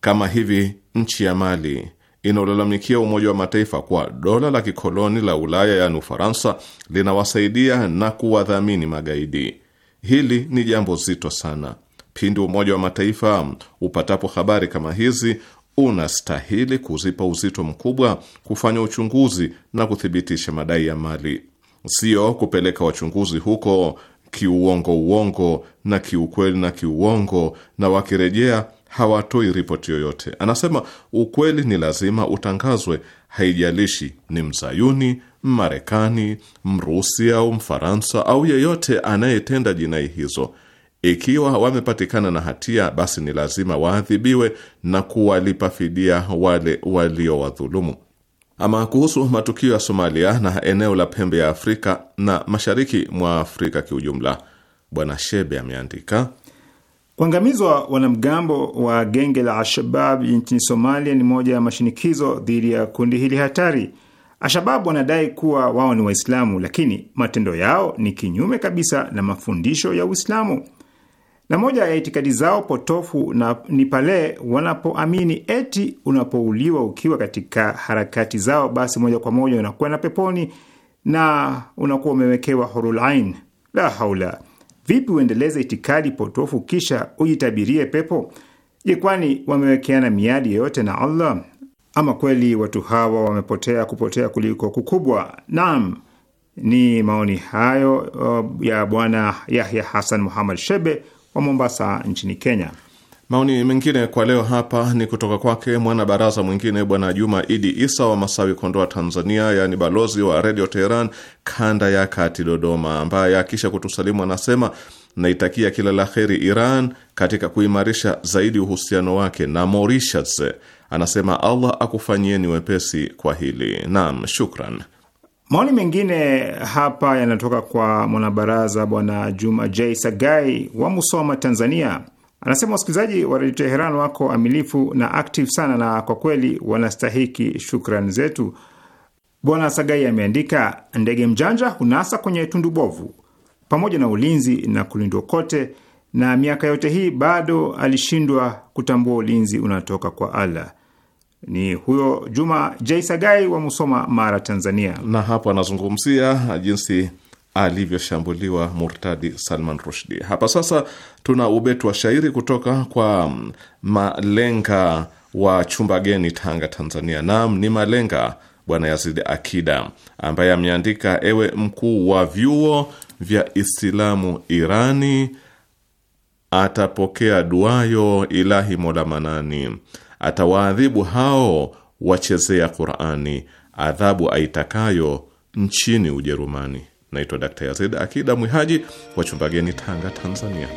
kama hivi nchi ya Mali inaolalamikia Umoja wa Mataifa kuwa dola la kikoloni la Ulaya yaani Ufaransa linawasaidia na kuwadhamini magaidi. Hili ni jambo zito sana. Pindi Umoja wa Mataifa upatapo habari kama hizi unastahili kuzipa uzito mkubwa kufanya uchunguzi na kuthibitisha madai ya mali, sio kupeleka wachunguzi huko kiuongo uongo na kiukweli na kiuongo, na wakirejea hawatoi ripoti yoyote. Anasema ukweli ni lazima utangazwe, haijalishi ni Mzayuni, Mmarekani, Mrusi au Mfaransa au yeyote anayetenda jinai hizo ikiwa wamepatikana na hatia, basi ni lazima waadhibiwe na kuwalipa fidia wale waliowadhulumu. Ama kuhusu matukio ya Somalia na eneo la pembe ya Afrika na mashariki mwa Afrika kiujumla, Bwana Shebe ameandika kuangamizwa wanamgambo wa genge la Al-Shabab nchini Somalia ni moja ya mashinikizo dhidi ya kundi hili hatari. Al-Shabab wanadai kuwa wao ni Waislamu, lakini matendo yao ni kinyume kabisa na mafundisho ya Uislamu na moja ya itikadi zao potofu na ni pale wanapoamini eti unapouliwa ukiwa katika harakati zao, basi moja kwa moja unakuwa na peponi na unakuwa umewekewa hurul ain. La haula! Vipi uendeleze itikadi potofu kisha ujitabirie pepo? Je, kwani wamewekeana miadi yoyote na Allah? Ama kweli watu hawa wamepotea kupotea kuliko kukubwa. Naam, ni maoni hayo uh, ya Bwana Yahya Hasan Muhammad Shebe wa Mombasa nchini Kenya. Maoni mengine kwa leo hapa ni kutoka kwake mwanabaraza mwingine Bwana Juma Idi Isa wa Masawi, Kondoa, Tanzania, yaani balozi wa Redio Teheran kanda ya kati Dodoma, ambaye akisha kutusalimu anasema naitakia kila la heri Iran katika kuimarisha zaidi uhusiano wake na Mauritius. Anasema Allah akufanyieni wepesi kwa hili. Naam, shukran. Maoni mengine hapa yanatoka kwa mwanabaraza Bwana Juma J Sagai wa Musoma, Tanzania. Anasema wasikilizaji wa redio Teheran wako amilifu na aktiv sana, na kwa kweli wanastahiki shukrani zetu. Bwana Sagai ameandika, ndege mjanja hunasa kwenye tundu bovu, pamoja na ulinzi na kulindwa kote, na miaka yote hii bado alishindwa kutambua ulinzi unatoka kwa Allah ni huyo Juma J Sagai wa Musoma, Mara, Tanzania, na hapo anazungumzia jinsi alivyoshambuliwa murtadi Salman Rushdi. Hapa sasa tuna ubetu wa shairi kutoka kwa Malenga wa chumba geni, Tanga, Tanzania. Naam, ni Malenga Bwana Yazidi Akida ambaye ameandika: ewe mkuu wa vyuo vya Islamu Irani, atapokea duayo ilahi mola manani atawaadhibu hao wachezea Qur'ani adhabu aitakayo nchini Ujerumani. Naitwa Dr. Yazid Akida Mwihaji wa Chumbageni, Tanga, Tanzania.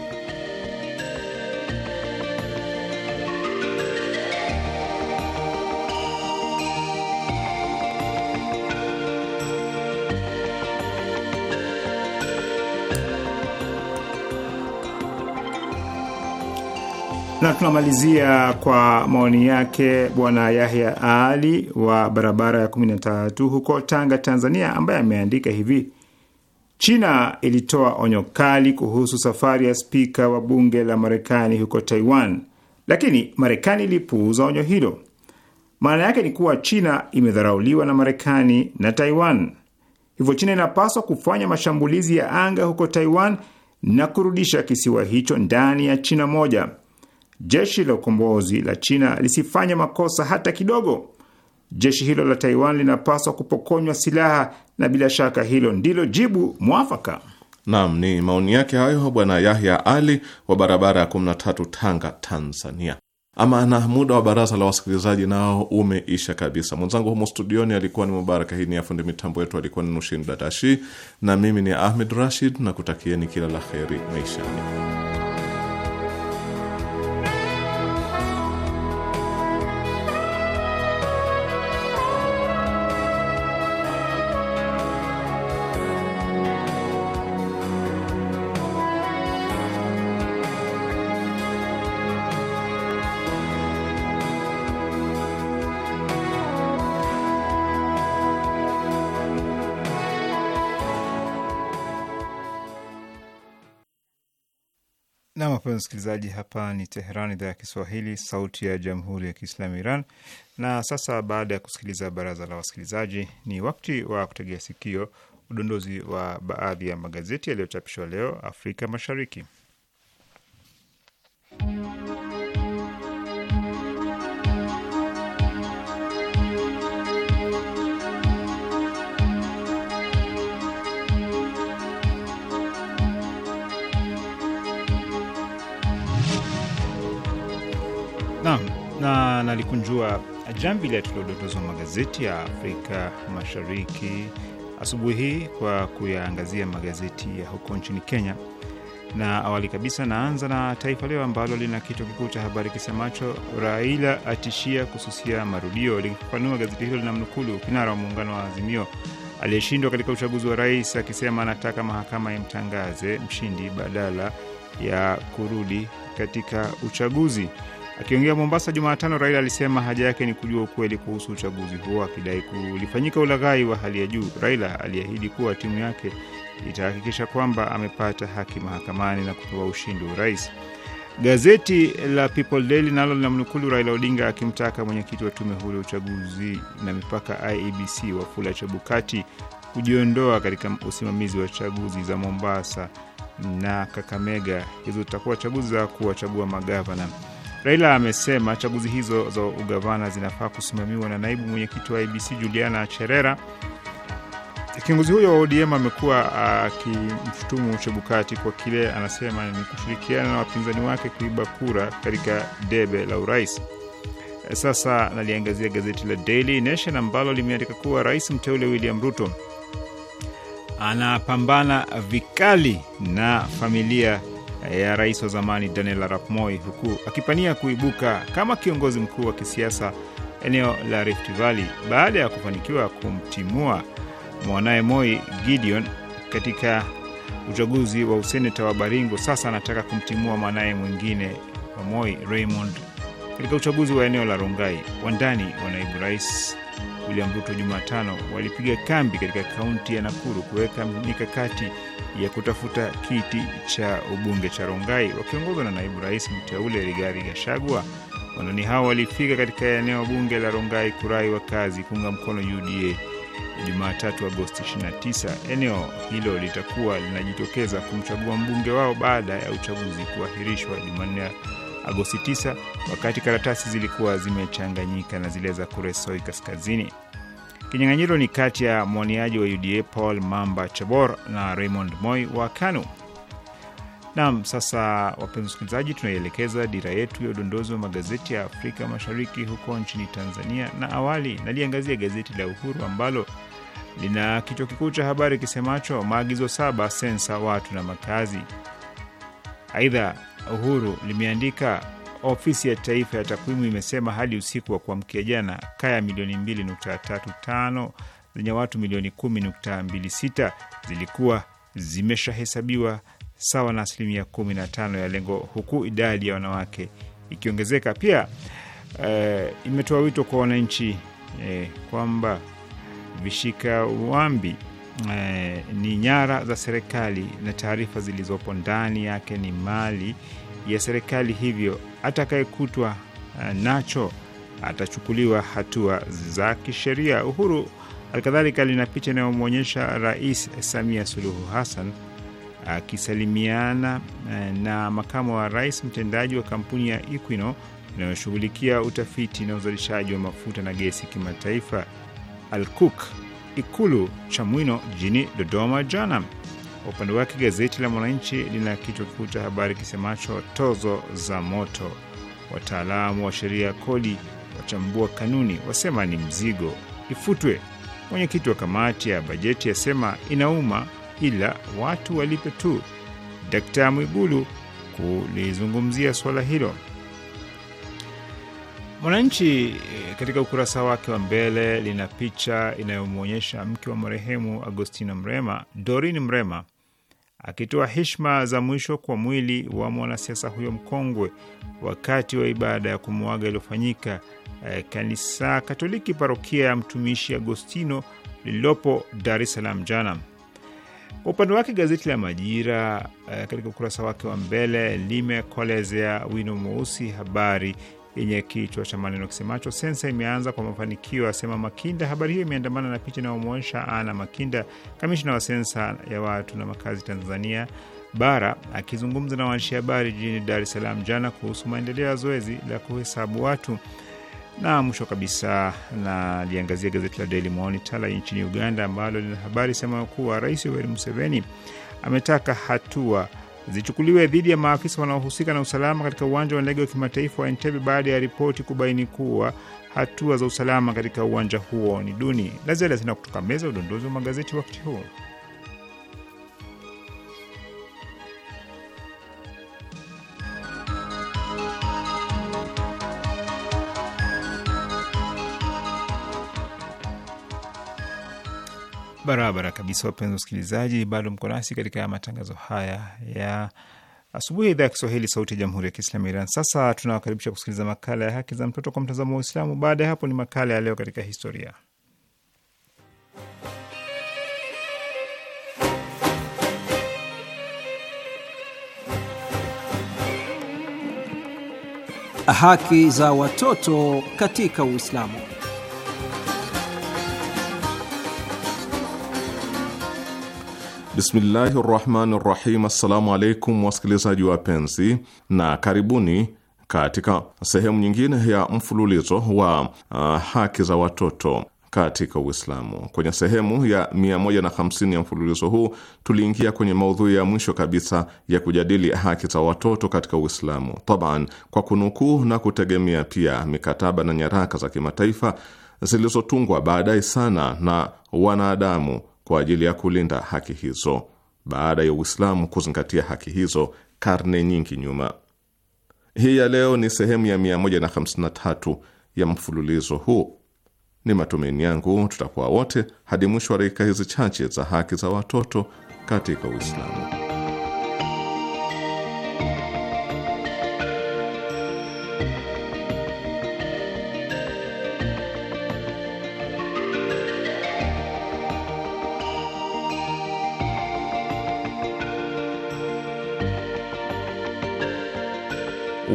Na tunamalizia kwa maoni yake Bwana Yahya Ali wa barabara ya 13 huko Tanga, Tanzania, ambaye ameandika hivi: China ilitoa onyo kali kuhusu safari ya spika wa bunge la Marekani huko Taiwan, lakini Marekani ilipuuza onyo hilo. Maana yake ni kuwa China imedharauliwa na Marekani na Taiwan, hivyo China inapaswa kufanya mashambulizi ya anga huko Taiwan na kurudisha kisiwa hicho ndani ya China moja jeshi la ukombozi la China lisifanya makosa hata kidogo. Jeshi hilo la Taiwan linapaswa kupokonywa silaha, na bila shaka hilo ndilo jibu mwafaka. Naam, ni maoni yake hayo Bwana Yahya Ali wa barabara ya 13 Tanga, Tanzania. Ama na muda wa baraza la wasikilizaji nao umeisha kabisa. Mwenzangu humo studioni alikuwa ni Mubaraka Hii ni afundi mitambo yetu alikuwa ni Nushin Dadashi, na mimi ni Ahmed Rashid na kutakieni kila la heri maishani. Wapenzi msikilizaji, hapa ni Teheran, idhaa ya Kiswahili, sauti ya jamhuri ya kiislamu Iran. Na sasa baada ya kusikiliza baraza la wasikilizaji, ni wakati wa kutegea sikio udondozi wa baadhi ya magazeti yaliyochapishwa leo Afrika Mashariki. tunalikunjua jamvi letu la magazeti ya Afrika Mashariki asubuhi hii kwa kuyaangazia magazeti ya huko nchini Kenya, na awali kabisa naanza na Taifa Leo ambalo lina kichwa kikuu cha habari kisemacho Raila atishia kususia marudio. Likifafanua, gazeti hilo linamnukulu kinara wa muungano wa Azimio aliyeshindwa katika uchaguzi wa rais akisema anataka mahakama imtangaze mshindi badala ya kurudi katika uchaguzi. Akiongea Mombasa Jumatano, Raila alisema haja yake ni kujua ukweli kuhusu uchaguzi huo, akidai kulifanyika ulaghai wa hali ya juu. Raila aliahidi kuwa timu yake itahakikisha kwamba amepata haki mahakamani na kupewa ushindi wa urais. Gazeti la People Daily nalo linamnukulu Raila Odinga akimtaka mwenyekiti wa tume huru ya uchaguzi na mipaka IEBC Wafula Chebukati kujiondoa katika usimamizi wa chaguzi za Mombasa na Kakamega. Hizo zitakuwa chaguzi za kuwachagua magavana. Raila amesema chaguzi hizo za ugavana zinafaa kusimamiwa na naibu mwenyekiti wa IBC Juliana Cherera. Kiongozi huyo wa ODM amekuwa akimshutumu Chebukati kwa kile anasema ni kushirikiana na wapinzani wake kuiba kura katika debe la urais. Sasa naliangazia gazeti la Daily Nation ambalo limeandika kuwa rais mteule William Ruto anapambana vikali na familia ya rais wa zamani Daniel Arap Moi, huku akipania kuibuka kama kiongozi mkuu wa kisiasa eneo la Rift Valley baada ya kufanikiwa kumtimua mwanaye Moi, Gideon, katika uchaguzi wa useneta wa Baringo. Sasa anataka kumtimua mwanaye mwingine wa Moi, Raymond, katika uchaguzi wa eneo la Rongai. Wandani wa naibu rais William Ruto Jumatano walipiga kambi katika kaunti ya Nakuru kuweka mikakati ya kutafuta kiti cha ubunge cha Rongai wakiongozwa na naibu rais mteule Rigathi Gachagua. Wanani hao walifika katika eneo bunge la Rongai kurai wakazi kuunga mkono UDA Jumatatu Agosti 29. Eneo hilo litakuwa linajitokeza kumchagua mbunge wao baada ya uchaguzi kuahirishwa Jumanne Agosti 9 wakati karatasi zilikuwa zimechanganyika na zile za Kuresoi Kaskazini. Kinyang'anyiro ni kati ya mwaniaji wa UDA Paul Mamba Chabor na Raymond Moi wa KANU. Nam, sasa wapenzi wasikilizaji, tunaielekeza dira yetu ya udondozi wa magazeti ya Afrika Mashariki huko nchini Tanzania, na awali naliangazia gazeti la Uhuru ambalo lina kichwa kikuu cha habari kisemacho maagizo saba sensa watu na makazi. Aidha, Uhuru limeandika Ofisi ya Taifa ya Takwimu imesema hadi usiku wa kuamkia jana, kaya milioni 2.35 zenye watu milioni 10.26 zilikuwa zimeshahesabiwa sawa na asilimia 15 ya lengo, huku idadi ya wanawake ikiongezeka. Pia e, imetoa wito kwa wananchi e, kwamba vishika wambi Eh, ni nyara za serikali na taarifa zilizopo ndani yake ni mali ya serikali, hivyo atakayekutwa eh, nacho atachukuliwa hatua za kisheria. Uhuru alkadhalika lina picha inayomwonyesha Rais Samia Suluhu Hassan akisalimiana eh, na makamu wa rais mtendaji wa kampuni ya Equino inayoshughulikia utafiti na uzalishaji wa mafuta na gesi kimataifa Alcook. Ikulu Chamwino jijini Dodoma jana. Kwa upande wake gazeti la Mwananchi lina kichwa kikuu cha habari kisemacho tozo za moto, wataalamu wa sheria ya kodi wachambua kanuni, wasema ni mzigo ifutwe. Mwenyekiti wa kamati ya bajeti asema inauma, ila watu walipe tu. Dkt Mwigulu kulizungumzia suala hilo. Mwananchi eh, katika ukurasa wake wa mbele lina picha inayomwonyesha mke wa marehemu Agostino Mrema, Dorin Mrema, akitoa heshima za mwisho kwa mwili wa mwanasiasa huyo mkongwe wakati wa ibada ya kumwaga iliyofanyika eh, kanisa Katoliki parokia ya mtumishi Agostino lililopo Dar es Salaam jana. Kwa upande wake gazeti la Majira eh, katika ukurasa wake wa mbele limekolezea wino mweusi habari yenye kichwa cha maneno kisemacho sensa imeanza kwa mafanikio, asema Makinda. Habari hiyo imeandamana na picha inayomwonyesha Ana Makinda, kamishna wa sensa ya watu na makazi Tanzania Bara, akizungumza na waandishi habari jijini Dar es Salaam jana kuhusu maendeleo ya zoezi la kuhesabu watu. Na mwisho kabisa, naliangazia gazeti la Daily Monitor la nchini Uganda ambalo lina habari sema kuwa Rais Yoweri Museveni ametaka hatua zichukuliwe dhidi ya maafisa wanaohusika na usalama katika uwanja wa ndege wa kimataifa wa Entebbe baada ya ripoti kubaini kuwa hatua za usalama katika uwanja huo ni duni. La ziada kutoka meza udondozi wa magazeti wakati huu. Barabara kabisa, wapenzi wasikilizaji, bado mko nasi katika matangazo haya ya asubuhi ya idhaa ya Kiswahili, Sauti ya Jamhuri ya Kiislamu ya Iran. Sasa tunawakaribisha kusikiliza makala ya haki za mtoto kwa mtazamo wa Uislamu. Baada ya hapo ni makala ya leo katika historia. Haki za watoto katika Uislamu. Bismillahi rahmani rahim. Assalamu alaikum wasikilizaji wapenzi, na karibuni katika sehemu nyingine ya mfululizo wa uh, haki za watoto katika Uislamu. Kwenye sehemu ya 150 ya mfululizo huu tuliingia kwenye maudhui ya mwisho kabisa ya kujadili haki za watoto katika Uislamu, taban kwa kunukuu na kutegemea pia mikataba na nyaraka za kimataifa zilizotungwa baadaye sana na wanadamu kwa ajili ya kulinda haki hizo baada ya Uislamu kuzingatia haki hizo karne nyingi nyuma. Hii ya leo ni sehemu ya 153 ya mfululizo huu. Ni matumaini yangu tutakuwa wote hadi mwisho wa dakika hizi chache za haki za watoto katika Uislamu.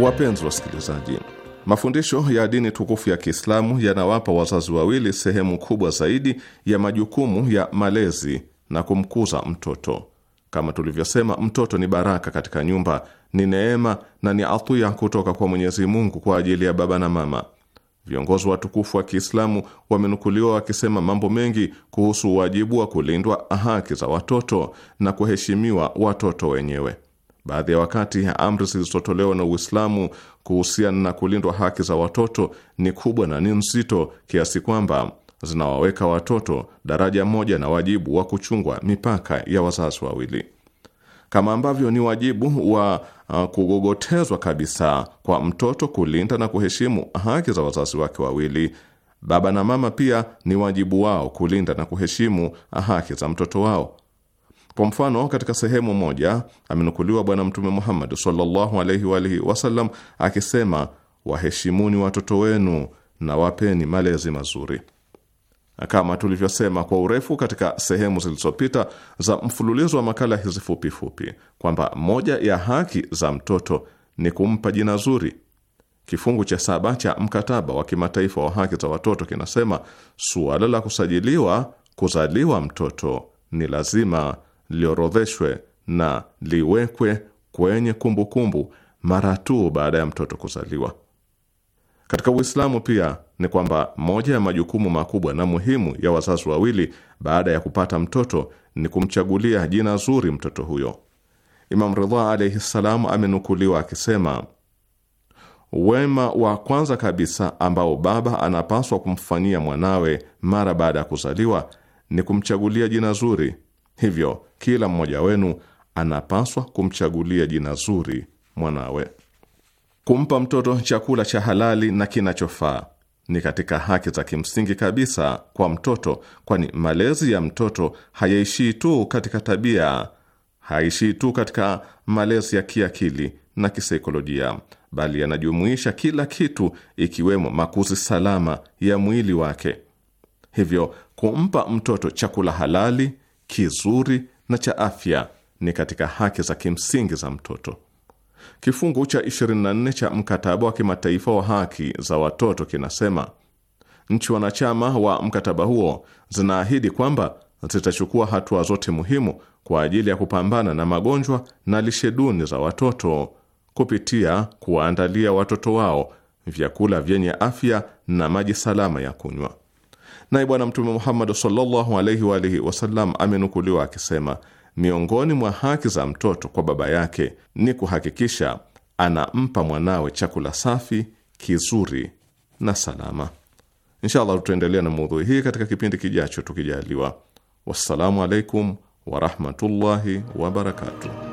Wapenzi wasikilizaji, mafundisho ya dini tukufu ya Kiislamu yanawapa wazazi wawili sehemu kubwa zaidi ya majukumu ya malezi na kumkuza mtoto. Kama tulivyosema, mtoto ni baraka katika nyumba, ni neema na ni atiya kutoka kwa Mwenyezi Mungu kwa ajili ya baba na mama. Viongozi watukufu wa Kiislamu wamenukuliwa wakisema mambo mengi kuhusu wajibu wa kulindwa haki za watoto na kuheshimiwa watoto wenyewe. Baadhi ya wakati amri zilizotolewa na Uislamu kuhusiana na kulindwa haki za watoto ni kubwa na ni nzito kiasi kwamba zinawaweka watoto daraja moja na wajibu wa kuchungwa mipaka ya wazazi wawili, kama ambavyo ni wajibu wa uh, kugogotezwa kabisa kwa mtoto kulinda na kuheshimu haki za wazazi wake wawili. Baba na mama pia ni wajibu wao kulinda na kuheshimu haki za mtoto wao kwa mfano, katika sehemu moja amenukuliwa Bwana Mtume Muhammad sallallahu alaihi wa alihi wasallam akisema, waheshimuni watoto wenu na wapeni malezi mazuri. Kama tulivyosema kwa urefu katika sehemu zilizopita za mfululizo wa makala hizi fupifupi kwamba moja ya haki za mtoto ni kumpa jina zuri. Kifungu cha saba cha mkataba wa kimataifa wa haki za watoto kinasema suala la kusajiliwa kuzaliwa mtoto ni lazima liorodheshwe na liwekwe kwenye kumbukumbu mara tu baada ya mtoto kuzaliwa. Katika Uislamu pia ni kwamba moja ya majukumu makubwa na muhimu ya wazazi wawili baada ya kupata mtoto ni kumchagulia jina zuri mtoto huyo. Imam Ridha alaihi ssalam amenukuliwa akisema, wema wa kwanza kabisa ambao baba anapaswa kumfanyia mwanawe mara baada ya kuzaliwa ni kumchagulia jina zuri Hivyo kila mmoja wenu anapaswa kumchagulia jina zuri mwanawe. Kumpa mtoto chakula cha halali na kinachofaa ni katika haki za kimsingi kabisa kwa mtoto, kwani malezi ya mtoto hayaishii tu katika tabia, haishii tu katika malezi ya kiakili na kisaikolojia, bali yanajumuisha kila kitu, ikiwemo makuzi salama ya mwili wake. Hivyo kumpa mtoto chakula halali kizuri na cha afya ni katika haki za kimsingi za mtoto. Kifungu cha 24 cha mkataba wa kimataifa wa haki za watoto kinasema nchi wanachama wa mkataba huo zinaahidi kwamba zitachukua hatua zote muhimu kwa ajili ya kupambana na magonjwa na lishe duni za watoto kupitia kuwaandalia watoto wao vyakula vyenye afya na maji salama ya kunywa. Naye Bwana Mtume Muhammad sallallahu alaihi wa alihi wasallam amenukuliwa akisema, miongoni mwa haki za mtoto kwa baba yake ni kuhakikisha anampa mwanawe chakula safi, kizuri na salama. Insha allah tutaendelea na maudhui hii katika kipindi kijacho tukijaliwa. Wassalamu alaikum warahmatullahi wabarakatuh.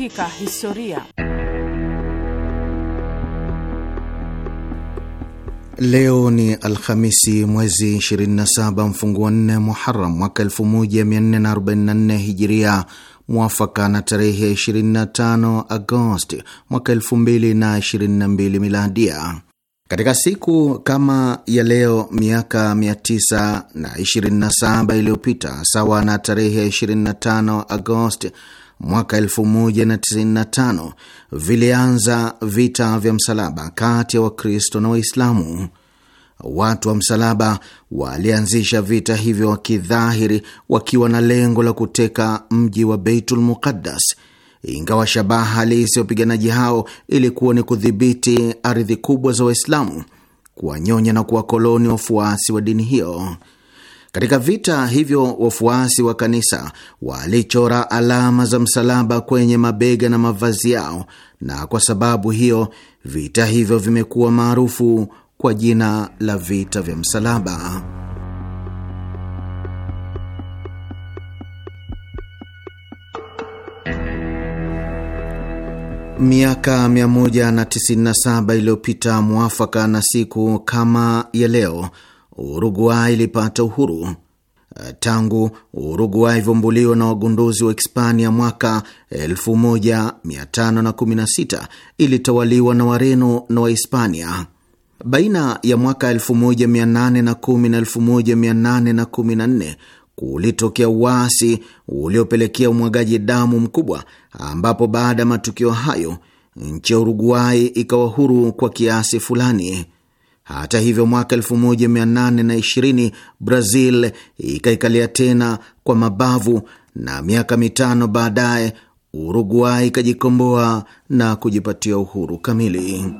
katika historia. Leo ni Alhamisi, mwezi 27 mfunguo 4 Muharam mwaka 1444 Hijiria, mwafaka na tarehe 25 Agosti mwaka 2022 Miladia. Katika siku kama ya leo miaka 927 iliyopita, sawa na tarehe 25 Agosti mwaka 1095 vilianza vita vya msalaba kati ya Wakristo na Waislamu. Watu wa msalaba walianzisha vita hivyo wakidhahiri wakiwa na lengo la kuteka mji wa Beitul Muqaddas, ingawa shabaha halisi ya wapiganaji hao ilikuwa ni kudhibiti ardhi kubwa za Waislamu, kuwanyonya na kuwakoloni wafuasi wa dini hiyo. Katika vita hivyo, wafuasi wa kanisa walichora alama za msalaba kwenye mabega na mavazi yao, na kwa sababu hiyo vita hivyo vimekuwa maarufu kwa jina la vita vya msalaba. Miaka 197 iliyopita mwafaka na siku kama ya leo Uruguay ilipata uhuru. Tangu Uruguay ivumbuliwa na wagunduzi wa Hispania mwaka 1516 ilitawaliwa na Wareno na Wahispania. Baina ya mwaka 1810 na 1814 kulitokea uasi uliopelekea umwagaji damu mkubwa, ambapo baada ya matukio hayo nchi ya Uruguay ikawa huru kwa kiasi fulani. Hata hivyo, mwaka 1820 Brazil ikaikalia tena kwa mabavu na miaka mitano baadaye Uruguay ikajikomboa na kujipatia uhuru kamili.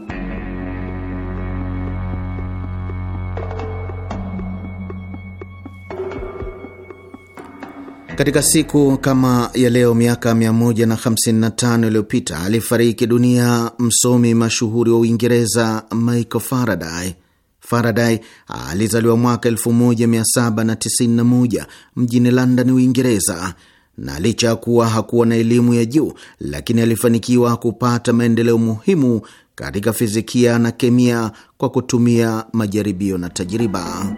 Katika siku kama ya leo miaka 155 iliyopita alifariki dunia msomi mashuhuri wa Uingereza Michael Faraday. Faraday alizaliwa mwaka 1791 mjini London, Uingereza, na licha ya kuwa hakuwa na elimu ya juu, lakini alifanikiwa kupata maendeleo muhimu katika fizikia na kemia kwa kutumia majaribio na tajiriba.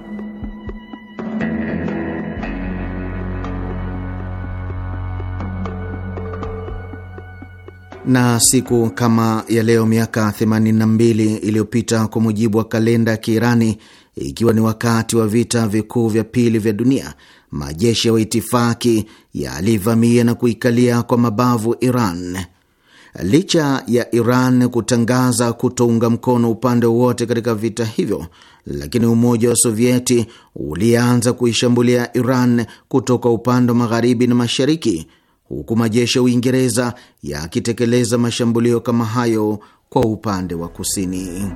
na siku kama ya leo miaka 82 iliyopita kwa mujibu wa kalenda ya Kiirani, ikiwa ni wakati wa vita vikuu vya pili vya dunia, majeshi ya waitifaki yalivamia na kuikalia kwa mabavu Iran. Licha ya Iran kutangaza kutounga mkono upande wowote katika vita hivyo, lakini Umoja wa Sovieti ulianza kuishambulia Iran kutoka upande wa magharibi na mashariki huku majeshi ya Uingereza yakitekeleza mashambulio kama hayo kwa upande wa kusini.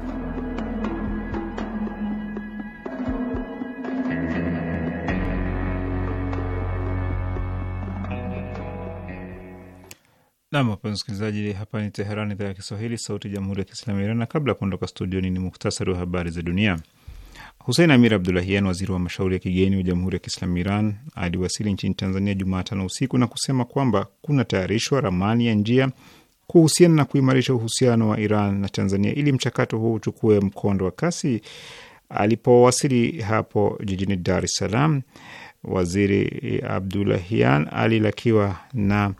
Nam, wapenzi msikilizaji, hapa ni Teherani, idhaa ya Kiswahili, sauti ya jamhuri ya kiislamu ya Iran. Na kabla ya kuondoka studioni, ni muhtasari wa habari za dunia. Husein Amir Abdulahian, waziri wa mashauri ya kigeni wa Jamhuri ya Kiislamu Iran, aliwasili nchini Tanzania Jumatano usiku na kusema kwamba kuna tayarishwa ramani ya njia kuhusiana na kuimarisha uhusiano wa Iran na Tanzania ili mchakato huu uchukue mkondo wa kasi. Alipowasili hapo jijini Dar es Salaam, Waziri Abdulahian alilakiwa na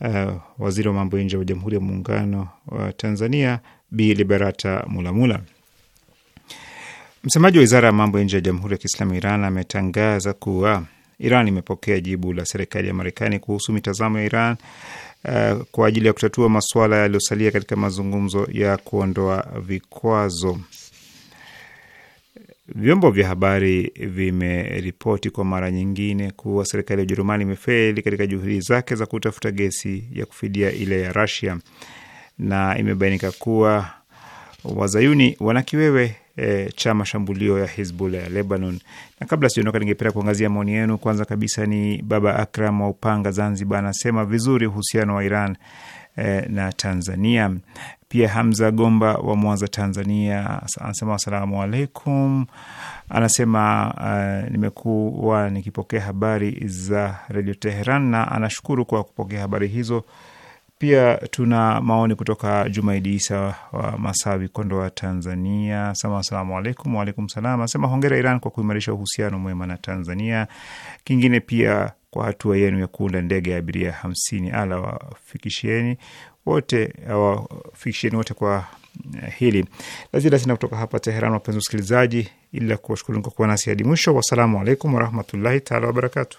uh, waziri wa mambo ya nje wa Jamhuri ya Muungano wa Tanzania Bi Liberata Mulamula. Msemaji wa wizara ya mambo ya nje ya Jamhuri ya Kiislamu Iran ametangaza kuwa Iran imepokea jibu la serikali ya Marekani kuhusu mitazamo ya Iran uh, kwa ajili ya kutatua masuala yaliyosalia katika mazungumzo ya kuondoa vikwazo. Vyombo vya habari vimeripoti kwa mara nyingine kuwa serikali ya Ujerumani imefeli katika juhudi zake za kutafuta gesi ya kufidia ile ya rasia na imebainika kuwa wazayuni wana kiwewe e, cha mashambulio ya Hizbullah ya Lebanon. Na kabla sijaondoka, ningependa kuangazia maoni yenu. Kwanza kabisa ni Baba Akram wa Upanga, Zanzibar, anasema vizuri uhusiano wa Iran eh, na Tanzania. Pia Hamza Gomba wa Mwanza, Tanzania, anasema asalamu alaikum. Anasema uh, nimekuwa nikipokea habari za redio Teheran na anashukuru kwa kupokea habari hizo pia tuna maoni kutoka Jumaidi Isa wa Masawi, Kondoa, Tanzania. Sama, asalamu alaikum. Waalaikum salam. Asema hongera Iran kwa kuimarisha uhusiano mwema na Tanzania. Kingine pia kwa hatua yenu ya kuunda ndege ya abiria hamsini. Ala wafikishieni wote, wafikishieni wote kwa eh, hili la ziada sina kutoka hapa Teheran, wapenzi wasikilizaji, ila kuwashukuru kwa kuwa nasi hadi mwisho. Wassalamu alaikum warahmatullahi taala wabarakatu